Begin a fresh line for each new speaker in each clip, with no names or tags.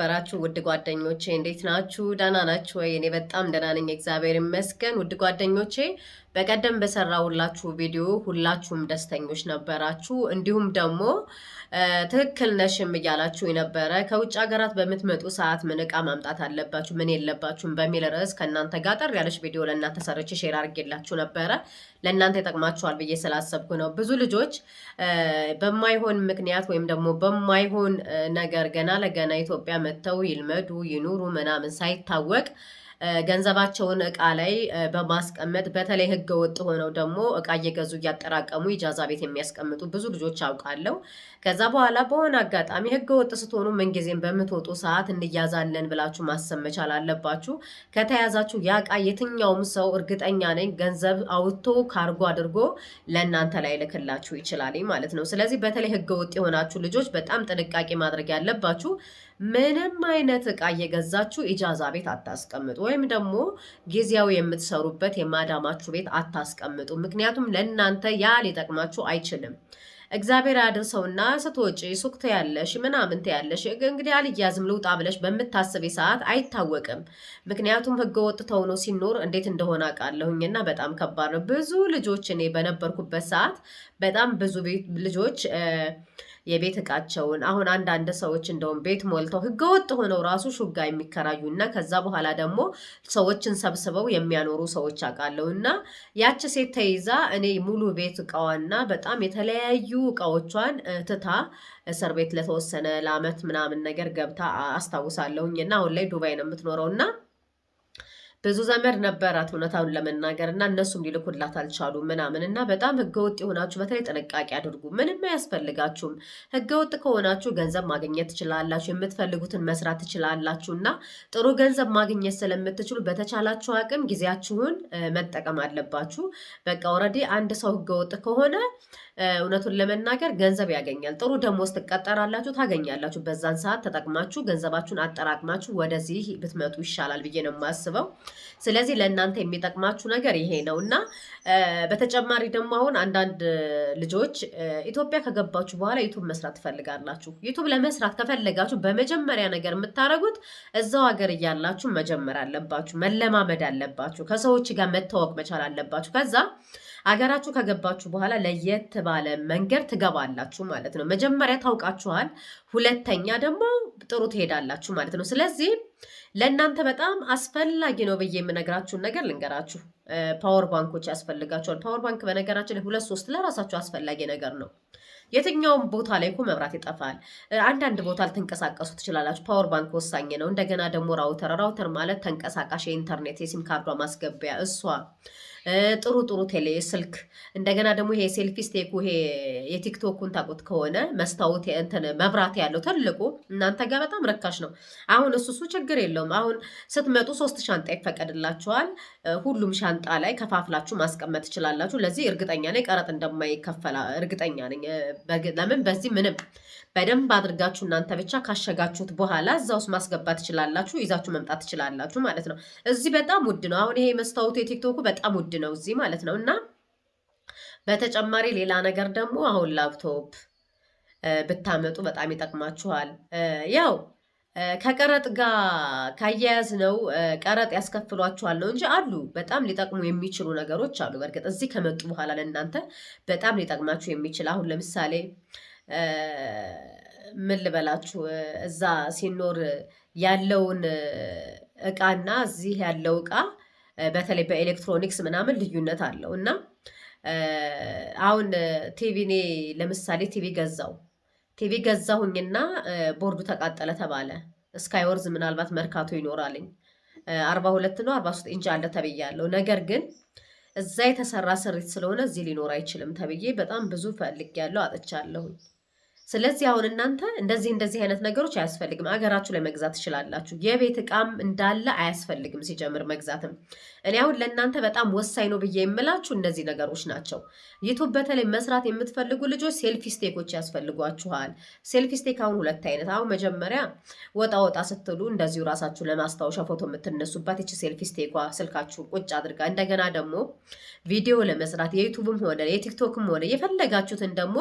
የተከበራችሁ ውድ ጓደኞቼ እንዴት ናችሁ? ደህና ናችሁ ወይ? እኔ በጣም ደህና ነኝ፣ እግዚአብሔር ይመስገን። ውድ ጓደኞቼ በቀደም በሰራውላችሁ ቪዲዮ ሁላችሁም ደስተኞች ነበራችሁ። እንዲሁም ደግሞ ትክክል ነሽም እያላችሁ የነበረ ከውጭ ሀገራት በምትመጡ ሰዓት ምን እቃ ማምጣት አለባችሁ ምን የለባችሁም በሚል ርዕስ ከእናንተ ጋር ጠር ያለች ቪዲዮ ለእናንተ ሰርቼ ሼር አድርጌላችሁ ነበረ። ለእናንተ ይጠቅማችኋል ብዬ ስላሰብኩ ነው። ብዙ ልጆች በማይሆን ምክንያት ወይም ደግሞ በማይሆን ነገር ገና ለገና ኢትዮጵያ መጥተው ይልመዱ ይኑሩ ምናምን ሳይታወቅ ገንዘባቸውን እቃ ላይ በማስቀመጥ በተለይ ህገ ወጥ ሆነው ደግሞ እቃ እየገዙ እያጠራቀሙ ኢጃዛ ቤት የሚያስቀምጡ ብዙ ልጆች አውቃለሁ። ከዛ በኋላ በሆነ አጋጣሚ ህገ ወጥ ስትሆኑ ምንጊዜም በምትወጡ ሰዓት እንያዛለን ብላችሁ ማሰብ መቻል አለባችሁ። ከተያዛችሁ ያ እቃ የትኛውም ሰው እርግጠኛ ነኝ ገንዘብ አውጥቶ ካርጎ አድርጎ ለእናንተ ላይ ልክላችሁ ይችላል ማለት ነው። ስለዚህ በተለይ ህገ ወጥ የሆናችሁ ልጆች በጣም ጥንቃቄ ማድረግ ያለባችሁ ምንም አይነት እቃ እየገዛችሁ ኢጃዛ ቤት አታስቀምጡ፣ ወይም ደግሞ ጊዜያዊ የምትሰሩበት የማዳማችሁ ቤት አታስቀምጡ። ምክንያቱም ለእናንተ ያ ሊጠቅማችሁ አይችልም። እግዚአብሔር ያድርሰውና ስትወጪ ሱቅ ትያለሽ ምናምን ትያለሽ፣ እንግዲህ አልያዝም ልውጣ ብለሽ በምታስብ ሰዓት አይታወቅም። ምክንያቱም ህገ ወጥ ተሆኖ ሲኖር እንዴት እንደሆነ አውቃለሁኝና በጣም ከባድ ነው። ብዙ ልጆች እኔ በነበርኩበት ሰዓት በጣም ብዙ ልጆች የቤት እቃቸውን አሁን አንዳንድ ሰዎች እንደውም ቤት ሞልተው ህገወጥ ሆነው ራሱ ሹጋ የሚከራዩ እና ከዛ በኋላ ደግሞ ሰዎችን ሰብስበው የሚያኖሩ ሰዎች አውቃለሁ። እና ያች ሴት ተይዛ እኔ ሙሉ ቤት እቃዋና በጣም የተለያዩ እቃዎቿን ትታ እስር ቤት ለተወሰነ ለአመት ምናምን ነገር ገብታ አስታውሳለሁኝ። እና አሁን ላይ ዱባይ ነው የምትኖረው እና ብዙ ዘመድ ነበራት እውነታውን ለመናገር እና እነሱም ሊልኩላት አልቻሉ ምናምን እና በጣም ህገወጥ የሆናችሁ በተለይ ጥንቃቄ አድርጉ። ምንም አያስፈልጋችሁም። ህገወጥ ከሆናችሁ ገንዘብ ማግኘት ትችላላችሁ፣ የምትፈልጉትን መስራት ትችላላችሁ እና ጥሩ ገንዘብ ማግኘት ስለምትችሉ በተቻላችሁ አቅም ጊዜያችሁን መጠቀም አለባችሁ። በቃ ኦልሬዲ አንድ ሰው ህገወጥ ከሆነ እውነቱን ለመናገር ገንዘብ ያገኛል። ጥሩ ደሞዝ ትቀጠራላችሁ፣ ታገኛላችሁ። በዛን ሰዓት ተጠቅማችሁ ገንዘባችሁን አጠራቅማችሁ ወደዚህ ብትመጡ ይሻላል ብዬ ነው የማስበው። ስለዚህ ለእናንተ የሚጠቅማችሁ ነገር ይሄ ነው እና በተጨማሪ ደግሞ አሁን አንዳንድ ልጆች ኢትዮጵያ ከገባችሁ በኋላ ዩቱብ መስራት ትፈልጋላችሁ። ዩቱብ ለመስራት ከፈለጋችሁ በመጀመሪያ ነገር የምታደርጉት እዛው ሀገር እያላችሁ መጀመር አለባችሁ፣ መለማመድ አለባችሁ፣ ከሰዎች ጋር መታወቅ መቻል አለባችሁ ከዛ አገራችሁ ከገባችሁ በኋላ ለየት ባለ መንገድ ትገባላችሁ ማለት ነው። መጀመሪያ ታውቃችኋል፣ ሁለተኛ ደግሞ ጥሩ ትሄዳላችሁ ማለት ነው። ስለዚህ ለእናንተ በጣም አስፈላጊ ነው ብዬ የምነግራችሁን ነገር ልንገራችሁ። ፓወር ባንኮች ያስፈልጋችኋል። ፓወር ባንክ በነገራችን ላይ ሁለት ሶስት ለራሳችሁ አስፈላጊ ነገር ነው። የትኛውም ቦታ ላይ እኮ መብራት ይጠፋል። አንዳንድ ቦታ ልትንቀሳቀሱ ትችላላችሁ። ፓወር ባንክ ወሳኝ ነው። እንደገና ደግሞ ራውተር ራውተር ማለት ተንቀሳቃሽ የኢንተርኔት የሲም ካርዷ ማስገቢያ እሷ ጥሩ ጥሩ ቴሌ ስልክ እንደገና ደግሞ ይሄ ሴልፊ ስቴኩ ይሄ የቲክቶኩን ታውቁት ከሆነ መስታወት እንትን መብራት ያለው ትልቁ እናንተ ጋር በጣም ረካሽ ነው። አሁን እሱ እሱ ችግር የለውም። አሁን ስትመጡ ሶስት ሻንጣ ይፈቀድላችኋል። ሁሉም ሻንጣ ላይ ከፋፍላችሁ ማስቀመጥ ትችላላችሁ። ለዚህ እርግጠኛ ነኝ ቀረጥ እንደማይከፈላ እርግጠኛ ነኝ። ለምን በዚህ ምንም በደንብ አድርጋችሁ እናንተ ብቻ ካሸጋችሁት በኋላ እዛ ውስጥ ማስገባት ትችላላችሁ። ይዛችሁ መምጣት ትችላላችሁ ማለት ነው። እዚህ በጣም ውድ ነው። አሁን ይሄ መስታወቱ የቲክቶኩ በጣም ውድ ውድ ነው እዚህ ማለት ነው። እና በተጨማሪ ሌላ ነገር ደግሞ አሁን ላፕቶፕ ብታመጡ በጣም ይጠቅማችኋል። ያው ከቀረጥ ጋር ካያያዝ ነው ቀረጥ ያስከፍሏችኋል ነው እንጂ አሉ በጣም ሊጠቅሙ የሚችሉ ነገሮች አሉ። በእርግጥ እዚህ ከመጡ በኋላ ለእናንተ በጣም ሊጠቅማችሁ የሚችል አሁን ለምሳሌ ምን ልበላችሁ እዛ ሲኖር ያለውን እቃና እዚህ ያለው እቃ በተለይ በኤሌክትሮኒክስ ምናምን ልዩነት አለው እና አሁን ቲቪ እኔ ለምሳሌ ቲቪ ገዛው ቲቪ ገዛሁኝና ቦርዱ ተቃጠለ ተባለ። ስካይወርዝ ወርዝ ምናልባት መርካቶ ይኖራልኝ አርባ ሁለት ነው አርባ ሶስት ኢንች አለ ተብያለሁ። ነገር ግን እዛ የተሰራ ስሪት ስለሆነ እዚህ ሊኖር አይችልም ተብዬ በጣም ብዙ ፈልጌያለሁ፣ አጥቻለሁኝ። ስለዚህ አሁን እናንተ እንደዚህ እንደዚህ አይነት ነገሮች አያስፈልግም፣ አገራችሁ ላይ መግዛት ትችላላችሁ። የቤት እቃም እንዳለ አያስፈልግም ሲጀምር መግዛትም። እኔ አሁን ለእናንተ በጣም ወሳኝ ነው ብዬ የምላችሁ እነዚህ ነገሮች ናቸው። ዩቱብ በተለይ መስራት የምትፈልጉ ልጆች ሴልፊ ስቴኮች ያስፈልጓችኋል። ሴልፊ ስቴክ አሁን ሁለት አይነት፣ አሁን መጀመሪያ ወጣ ወጣ ስትሉ እንደዚሁ ራሳችሁ ለማስታወሻ ፎቶ የምትነሱባት ይች ሴልፊ ስቴኳ ስልካችሁ ቁጭ አድርጋ፣ እንደገና ደግሞ ቪዲዮ ለመስራት የዩቱብም ሆነ የቲክቶክም ሆነ የፈለጋችሁትን ደግሞ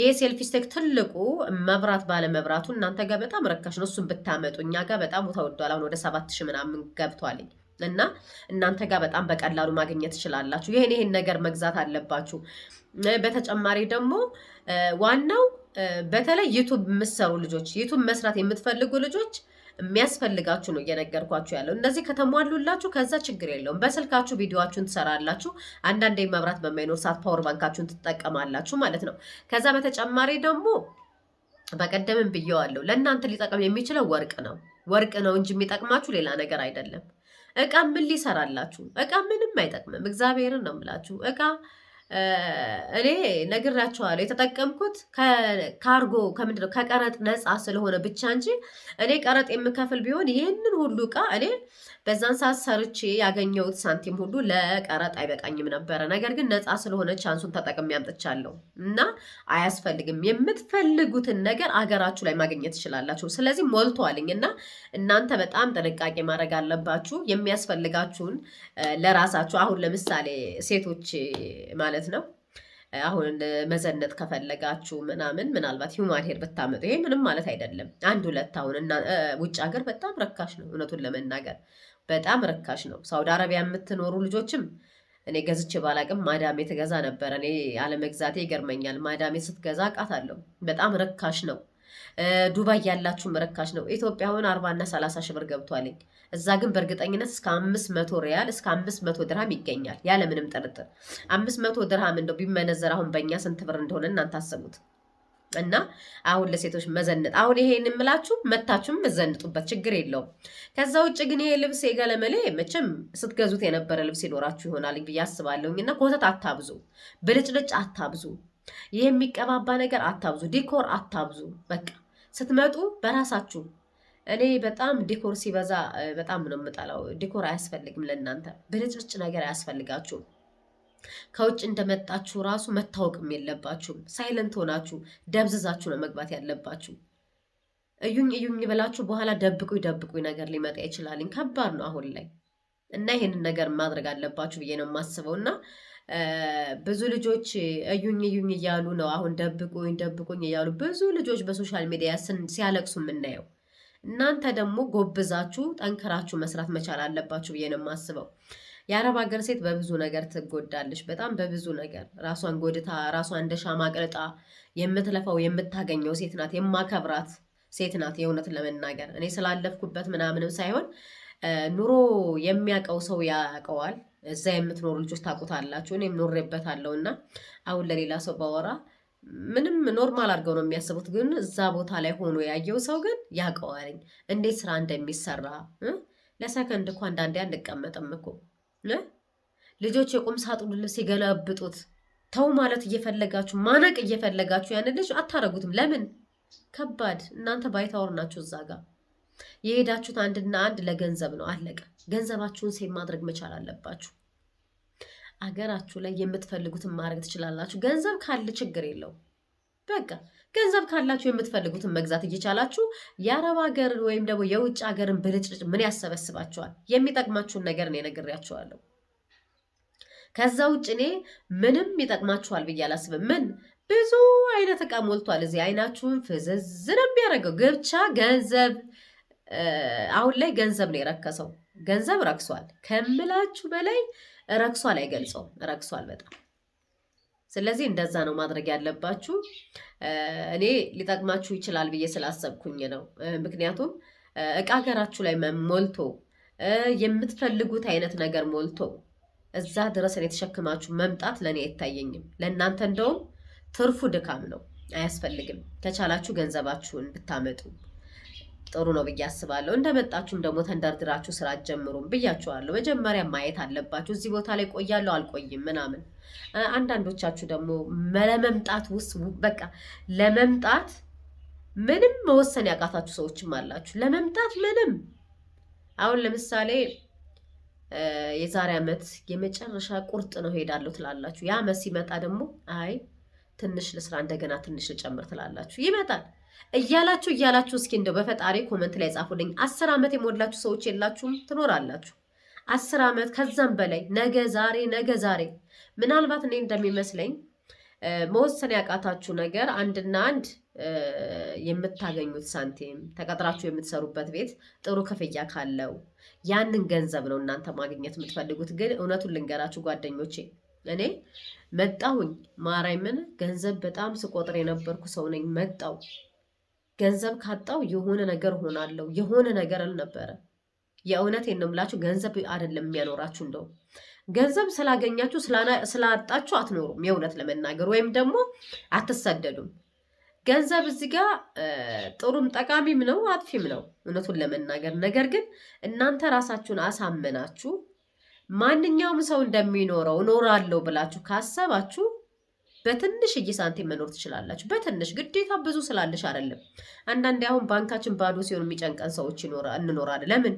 ይሄ ሴልፊ ስቴክ ትልቅ ትልቁ መብራት ባለመብራቱ እናንተ ጋር በጣም ረካሽ ነው። እሱን ብታመጡ እኛ ጋር በጣም ተወዷል። አሁን ወደ ሰባት ሺህ ምናምን ገብቷልኝ እና እናንተ ጋር በጣም በቀላሉ ማግኘት ትችላላችሁ። ይህን ይህን ነገር መግዛት አለባችሁ። በተጨማሪ ደግሞ ዋናው በተለይ ዩቱብ የምትሰሩ ልጆች ዩቱብ መስራት የምትፈልጉ ልጆች የሚያስፈልጋችሁ ነው እየነገርኳችሁ ያለው። እነዚህ ከተሟሉላችሁ ከዛ ችግር የለውም። በስልካችሁ ቪዲዮችሁን ትሰራላችሁ። አንዳንዴ መብራት በማይኖር ሰዓት ፓወር ባንካችሁን ትጠቀማላችሁ ማለት ነው። ከዛ በተጨማሪ ደግሞ በቀደምም ብየዋለሁ፣ ለእናንተ ሊጠቅም የሚችለው ወርቅ ነው። ወርቅ ነው እንጂ የሚጠቅማችሁ ሌላ ነገር አይደለም። እቃ ምን ሊሰራላችሁ? እቃ ምንም አይጠቅምም። እግዚአብሔርን ነው የምላችሁ እቃ እኔ ነግራቸዋለሁ። የተጠቀምኩት ካርጎ ከምንድነው ከቀረጥ ነፃ ስለሆነ ብቻ እንጂ እኔ ቀረጥ የምከፍል ቢሆን ይህንን ሁሉ እቃ እኔ በዛን ሰዓት ሰርቼ ያገኘሁት ሳንቲም ሁሉ ለቀረጥ አይበቃኝም ነበረ። ነገር ግን ነፃ ስለሆነ ቻንሱን ተጠቅሜ ያምጥቻለሁ እና አያስፈልግም። የምትፈልጉትን ነገር አገራችሁ ላይ ማግኘት ትችላላችሁ። ስለዚህ ሞልቷልኝ እና እናንተ በጣም ጥንቃቄ ማድረግ አለባችሁ። የሚያስፈልጋችሁን ለራሳችሁ አሁን ለምሳሌ ሴቶች ማለት ነው አሁን መዘነጥ ከፈለጋችሁ ምናምን ምናልባት ሂውማን ሄር ብታመጡ ይሄ ምንም ማለት አይደለም። አንድ ሁለት አሁን ውጭ ሀገር በጣም ረካሽ ነው እውነቱን ለመናገር በጣም ርካሽ ነው። ሳውዲ አረቢያ የምትኖሩ ልጆችም እኔ ገዝቼ ባላቅም ማዳሜ ትገዛ ነበር። እኔ አለመግዛቴ ይገርመኛል። ማዳሜ ስትገዛ አውቃታለሁ። በጣም ርካሽ ነው። ዱባይ ያላችሁም ርካሽ ነው። ኢትዮጵያ አሁን አርባና ሰላሳ ሺህ ብር ገብቷልኝ። እዛ ግን በእርግጠኝነት እስከ አምስት መቶ ሪያል እስከ አምስት መቶ ድርሃም ይገኛል ያለምንም ጥርጥር። አምስት መቶ ድርሃም እንደው ቢመነዘር አሁን በእኛ ስንት ብር እንደሆነ እናንተ አስቡት። እና አሁን ለሴቶች መዘነጥ አሁን ይሄን የምላችሁ መታችሁም መዘንጡበት ችግር የለውም። ከዛ ውጭ ግን ይሄ ልብስ የገለመሌ መቼም ስትገዙት የነበረ ልብስ ይኖራችሁ ይሆናል ብዬ አስባለሁኝ። እና ኮተት አታብዙ፣ ብልጭልጭ አታብዙ፣ ይህ የሚቀባባ ነገር አታብዙ፣ ዲኮር አታብዙ። በቃ ስትመጡ በራሳችሁ እኔ በጣም ዲኮር ሲበዛ በጣም ነው የምጠላው። ዲኮር አያስፈልግም ለእናንተ ብልጭልጭ ነገር አያስፈልጋችሁም። ከውጭ እንደመጣችሁ ራሱ መታወቅም የለባችሁም። ሳይለንት ሆናችሁ ደብዝዛችሁ ነው መግባት ያለባችሁ። እዩኝ እዩኝ ብላችሁ በኋላ ደብቁኝ ደብቁኝ ነገር ሊመጣ ይችላልኝ። ከባድ ነው አሁን ላይ እና ይሄንን ነገር ማድረግ አለባችሁ ብዬ ነው የማስበው። እና ብዙ ልጆች እዩኝ እዩኝ እያሉ ነው አሁን ደብቁኝ ደብቁኝ እያሉ ብዙ ልጆች በሶሻል ሚዲያ ሲያለቅሱ የምናየው። እናንተ ደግሞ ጎብዛችሁ ጠንከራችሁ መስራት መቻል አለባችሁ ብዬ ነው የማስበው። የአረብ ሀገር ሴት በብዙ ነገር ትጎዳለች። በጣም በብዙ ነገር ራሷን ጎድታ ራሷን እንደ ሻማ ቅርጣ የምትለፋው የምታገኘው ሴት ናት። የማከብራት ሴት ናት። የእውነት ለመናገር እኔ ስላለፍኩበት ምናምንም ሳይሆን ኑሮ የሚያውቀው ሰው ያውቀዋል። እዛ የምትኖሩ ልጆች ታውቁታላችሁ። እኔም ኖሬበታለሁ እና አሁን ለሌላ ሰው ባወራ ምንም ኖርማል አድርገው ነው የሚያስቡት። ግን እዛ ቦታ ላይ ሆኖ ያየው ሰው ግን ያውቀዋልኝ እንዴት ስራ እንደሚሰራ ለሰከንድ እኮ አንዳንዴ አንቀመጥም እኮ ልጆች የቁም ሳጥኑን ልብስ የገለብጡት ተው ማለት እየፈለጋችሁ ማነቅ እየፈለጋችሁ ያንን ልጅ አታረጉትም። ለምን ከባድ እናንተ ባይታወር ናችሁ። እዛ ጋር የሄዳችሁት አንድና አንድ ለገንዘብ ነው። አለቀ። ገንዘባችሁን ሴ ማድረግ መቻል አለባችሁ። አገራችሁ ላይ የምትፈልጉትን ማድረግ ትችላላችሁ። ገንዘብ ካለ ችግር የለው በቃ ገንዘብ ካላችሁ የምትፈልጉትን መግዛት እየቻላችሁ የአረብ ሀገር ወይም ደግሞ የውጭ ሀገርን ብልጭልጭ ምን ያሰበስባችኋል? የሚጠቅማችሁን ነገር እኔ ነግሬያችኋለሁ። ከዛ ውጭ እኔ ምንም ይጠቅማችኋል ብዬ አላስብም። ምን ብዙ አይነት እቃ ሞልቷል እዚህ አይናችሁን ፍዝዝ ነው የሚያደርገው። ግብቻ ገንዘብ አሁን ላይ ገንዘብ ነው የረከሰው። ገንዘብ ረክሷል ከምላችሁ በላይ ረክሷል። አይገልጸውም፣ ረክሷል በጣም ስለዚህ እንደዛ ነው ማድረግ ያለባችሁ። እኔ ሊጠቅማችሁ ይችላል ብዬ ስላሰብኩኝ ነው። ምክንያቱም እቃ ሀገራችሁ ላይ ሞልቶ የምትፈልጉት አይነት ነገር ሞልቶ እዛ ድረስ እኔ የተሸክማችሁ መምጣት ለእኔ አይታየኝም። ለእናንተ እንደውም ትርፉ ድካም ነው፣ አያስፈልግም። ከቻላችሁ ገንዘባችሁን ብታመጡ ጥሩ ነው ብዬ አስባለሁ። እንደመጣችሁም ደግሞ ተንደርድራችሁ ስራ ጀምሩም ብያችኋለሁ። መጀመሪያ ማየት አለባችሁ። እዚህ ቦታ ላይ ቆያለሁ አልቆይም ምናምን። አንዳንዶቻችሁ ደግሞ ለመምጣት ውስጥ በቃ ለመምጣት ምንም መወሰን ያቃታችሁ ሰዎችም አላችሁ። ለመምጣት ምንም አሁን ለምሳሌ የዛሬ ዓመት የመጨረሻ ቁርጥ ነው ሄዳለሁ ትላላችሁ። ያ ዓመት ሲመጣ ደግሞ አይ ትንሽ ልስራ እንደገና ትንሽ ልጨምር ትላላችሁ። ይመጣል እያላችሁ እያላችሁ እስኪ እንደው በፈጣሪ ኮመንት ላይ ጻፉልኝ። አስር ዓመት የሞላችሁ ሰዎች የላችሁም? ትኖራላችሁ። አስር ዓመት ከዛም በላይ ነገ ዛሬ ነገ ዛሬ ምናልባት እኔ እንደሚመስለኝ መወሰን ያቃታችሁ ነገር አንድና አንድ የምታገኙት ሳንቲም ተቀጥራችሁ የምትሰሩበት ቤት ጥሩ ክፍያ ካለው ያንን ገንዘብ ነው እናንተ ማግኘት የምትፈልጉት። ግን እውነቱን ልንገራችሁ ጓደኞቼ፣ እኔ መጣሁኝ ማርያምን ገንዘብ በጣም ስቆጥር የነበርኩ ሰው ነኝ። መጣው ገንዘብ ካጣው የሆነ ነገር ሆናለው የሆነ ነገር አልነበረ። የእውነት የምላችሁ ገንዘብ አይደለም የሚያኖራችሁ። እንደው ገንዘብ ስላገኛችሁ ስላጣችሁ አትኖሩም፣ የእውነት ለመናገር ወይም ደግሞ አትሰደዱም። ገንዘብ እዚህ ጋር ጥሩም ጠቃሚም ነው አጥፊም ነው እውነቱን ለመናገር ነገር ግን እናንተ ራሳችሁን አሳመናችሁ ማንኛውም ሰው እንደሚኖረው እኖራለሁ ብላችሁ ካሰባችሁ በትንሽዬ ሳንቲም መኖር ትችላላችሁ። በትንሽ ግዴታ ብዙ ስላለሽ አይደለም። አንዳንዴ አሁን ባንካችን ባዶ ሲሆን የሚጨንቀን ሰዎች እንኖራለን። ለምን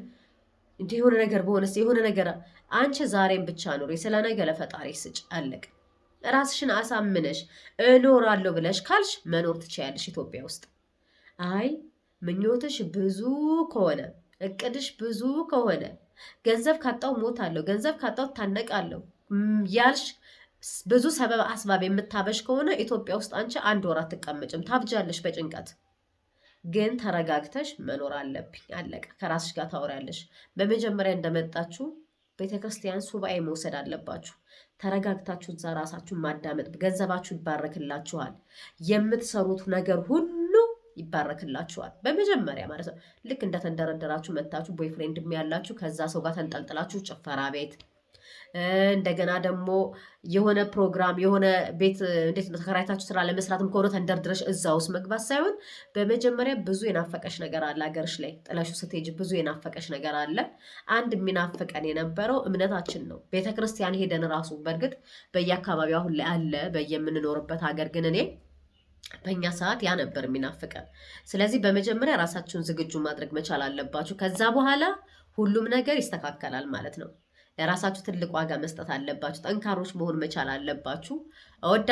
እንዲህ የሆነ ነገር በሆነስ የሆነ ነገር አንቺ ዛሬን ብቻ ኑሪ፣ ስለ ነገ ለፈጣሪ ስጭ። አለቅ ራስሽን አሳምነሽ እኖራለሁ ብለሽ ካልሽ መኖር ትችያለሽ ኢትዮጵያ ውስጥ። አይ ምኞትሽ ብዙ ከሆነ እቅድሽ ብዙ ከሆነ ገንዘብ ካጣው ሞታለሁ፣ ገንዘብ ካጣው ታነቃለሁ ያልሽ ብዙ ሰበብ አስባብ የምታበሽ ከሆነ ኢትዮጵያ ውስጥ አንቺ አንድ ወር አትቀመጭም፣ ታብጃለሽ በጭንቀት ግን ተረጋግተሽ መኖር አለብኝ። አለቀ። ከራስሽ ጋር ታወሪያለሽ። በመጀመሪያ እንደመጣችሁ ቤተክርስቲያን ሱባኤ መውሰድ አለባችሁ። ተረጋግታችሁ እዛ ራሳችሁን ማዳመጥ። ገንዘባችሁ ይባረክላችኋል። የምትሰሩት ነገር ሁሉ ይባረክላችኋል። በመጀመሪያ ማለት ነው። ልክ እንደተንደረደራችሁ መታችሁ ቦይፍሬንድ ያላችሁ ከዛ ሰው ጋር ተንጠልጥላችሁ ጭፈራ ቤት እንደገና ደግሞ የሆነ ፕሮግራም የሆነ ቤት እንዴት ነው ተከራይታችሁ ስራ ለመስራትም ከሆነ ተንደርድረሽ እዛ ውስጥ መግባት ሳይሆን በመጀመሪያ ብዙ የናፈቀሽ ነገር አለ። ሀገርሽ ላይ ጥለሹ ስትሄጂ ብዙ የናፈቀሽ ነገር አለ። አንድ የሚናፍቀን የነበረው እምነታችን ነው። ቤተክርስቲያን ሄደን ራሱ በእርግጥ በየአካባቢው አሁን ላይ አለ በየምንኖርበት ሀገር ግን እኔ በእኛ ሰዓት ያ ነበር የሚናፍቀን። ስለዚህ በመጀመሪያ ራሳችሁን ዝግጁ ማድረግ መቻል አለባችሁ። ከዛ በኋላ ሁሉም ነገር ይስተካከላል ማለት ነው። ለራሳችሁ ትልቅ ዋጋ መስጠት አለባችሁ። ጠንካሮች መሆን መቻል አለባችሁ። እወዳ